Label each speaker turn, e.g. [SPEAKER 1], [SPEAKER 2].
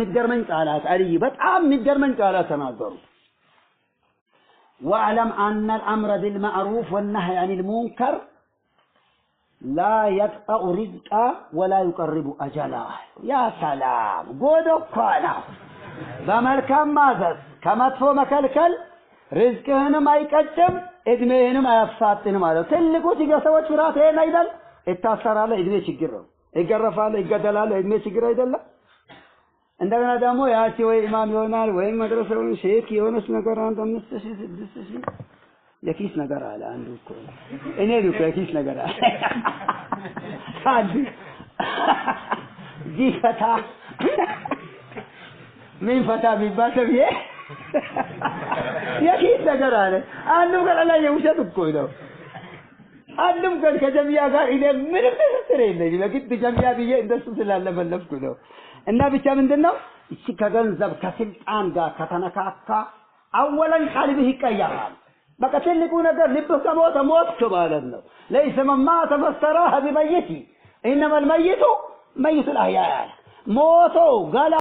[SPEAKER 1] የሚገርመኝ ቃላት አልይ በጣም የሚገርመኝ ቃላት ተናገሩ። واعلم أن الأمر بالمعروف والنهي عن المنكر لا يقطع رزقا ولا يقرب أجلا يا سلام ጉድ እኮ ነው። በመልካም ማዘዝ ከመጥፎ መከልከል ርዝቅህንም አይቀጭም እድሜህንም አያፋጥንም ማለት ትልቁ ሲገ ሰዎች ፍርሃት ይሄን አይደል? እታሰራለህ፣ እድሜ ችግር ነው። ይገረፋለህ፣ ይገደላለህ፣ እድሜ ችግር አይደለም። እንደገና ደግሞ ያቺ ወይ ኢማም ይሆናል ወይም መድረስ ይሆን ሼክ የሆነች ነገር አንድ አምስት ሺህ ስድስት ሺህ የኪስ ነገር አለ። አንዱ እኮ እኔ ልኩ የኪስ ነገር አለ። ታዲ ዚህ ፈታ ምን ፈታ ቢባል ተብዬ የኪስ ነገር አለ። አንዱ ቀን ላይ የውሸት እኮ ነው። አንድም ቀን ከጀሚያ ጋር እኔ ምንም ተሰረ ይለኝ ለግድ ጀሚያ ብዬ እንደሱ ስላለፈለፍኩ ነው። እና ብቻ ምንድነው እቺ ከገንዘብ ከስልጣን ጋር ከተነካካ አወለን ቀልብህ ይቀየራል። በቃ ትልቁ ነገር ልብህ ከሞተ ሞትክ ማለት ነው። ለይሰ መማተ መስተራህ ቢመይት ኢነመል መይቱ መይቱ አህያ ያለ ሞቶ ገላ